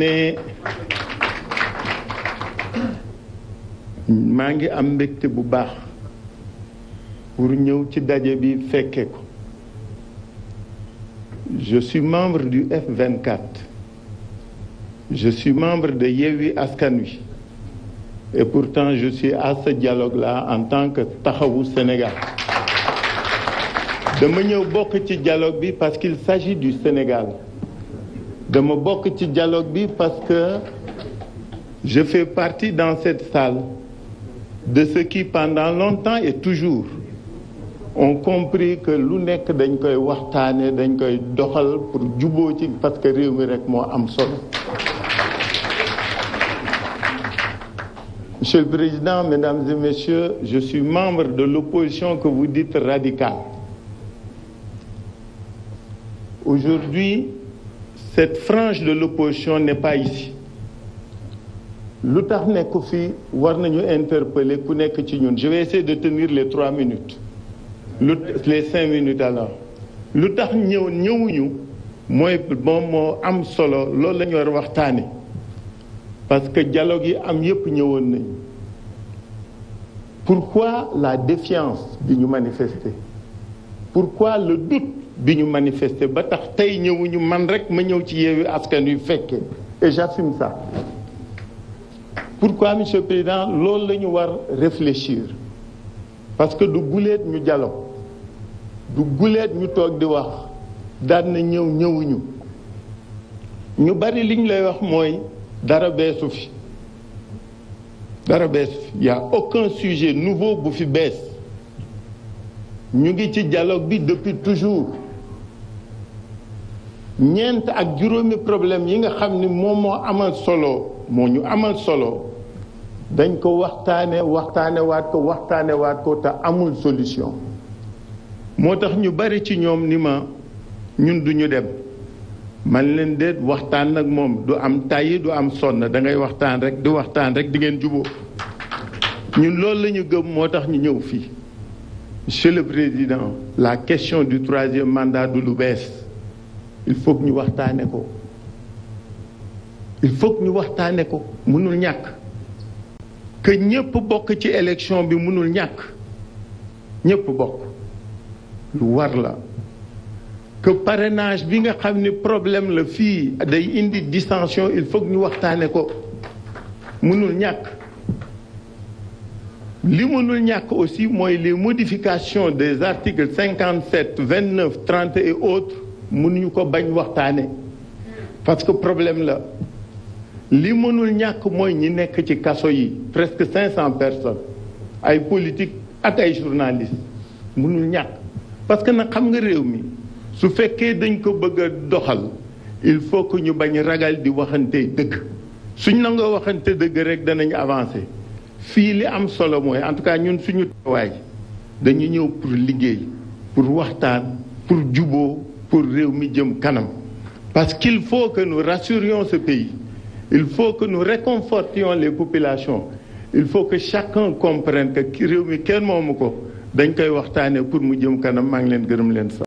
ne maa ngi am mbégte bu baax pour ñëw ci daje bi fekke ko je suis membre du F24 je suis membre de Yewwi Askan Wi et pourtant je suis à ce dialogue-là en tant que Taxawu Sénégal dama ñëw bokk ci dialogue bi parce qu'il s'agit du Sénégal dama bokk ci dialogue bi parce que je fais partie dans cette salle de ceux qui pendant longtemps et toujours on compris que lu nekk dañ koy waxtaane dañ koy doxal pour juboo ci parce que réew mi rek moo am solo Monsieur le Président, Mesdames et Messieurs, je suis membre de l'opposition que vous dites radicale. Aujourd'hui, cette frange de l'opposition n'est pas ici lu tax nekku fi war nañu interpeller ku nekk ci ñun je vais essayer de tenir les trois minutes lu les cinq minutes alors lu tax ñëw ñëwuñu mooy moom moo am solo loolu la ñu war waxtaane parce que dialogue yi am yépp ñëwoon nañu pourquoi la défiance bi ñu manifester pourquoi le doute bi ñu manifester ba tax tey ñëwuñu man rek ma ñëw ci yeewu askan wi fekke et j'assume ça pourquoi monsieur président loolu lañu war réfléchir parce que du guleet ñu dialogue du guleet ñu toog di wax daan na ñëw ñëwuñu ñu bari liñ lay wax mooy dara beesu fi dara beesu fi y aucun sujet nouveau bu fi bees ñu ngi ci dialogue bi depuis toujours ñeent ak juróomi problème yi nga xam ni moom moo amal solo moo ñu amal solo dañ ko waxtaane waxtaane waat ko waxtaane waat ko te amul solution moo tax ñu bari ci ñoom ni ma ñun duñu dem man leen déet waxtaan nag moom du am tàyyi du am sonn da ngay waxtaan rek di waxtaan rek di ngeen juboo ñun loolu lañu gëm moo tax ñu ñëw fii monsieur le président la question du troisième mandat du lu bees il faut ñu waxtaane ko il faut ñu waxtaane ko mënul ñàkk que ñëpp bokk ci élection bi mënul ñàkk ñëpp bokk lu war la que parenage bi nga xam ni problème la fii day indi dissension il faut ñu waxtaane ko mënul ñàkk li mënul ñàkk aussi mooy les modification des articles cinquante sept vingt neuf trente et autres mënuñu ko bañ waxtaane parce que problème la li mënul ñàkk mooy ñi nekk ci kaso yi presque cinq cent personnes ay politique ak ay journalistes mënul ñàkk parce que nag xam nga réew mi su fekkee dañ ko bëgg a doxal il faut que ñu bañ ragal di waxante dëgg suñ nangoo waxante dëgg rek danañ avancer fii li am solo mooy en tout cas ñun suñu teewaay dañu ñëw pour liggéey pour waxtaan pour juboo pour réew mi jëm kanam parce qu'il faut que nous rassurions ce pays il faut que nous réconfortions les populations il faut que chaque comprenne que réew mi kenn moomu ko dañ koy waxtaanee pour mu jëm kanam maa ngi leen gërëm leen sax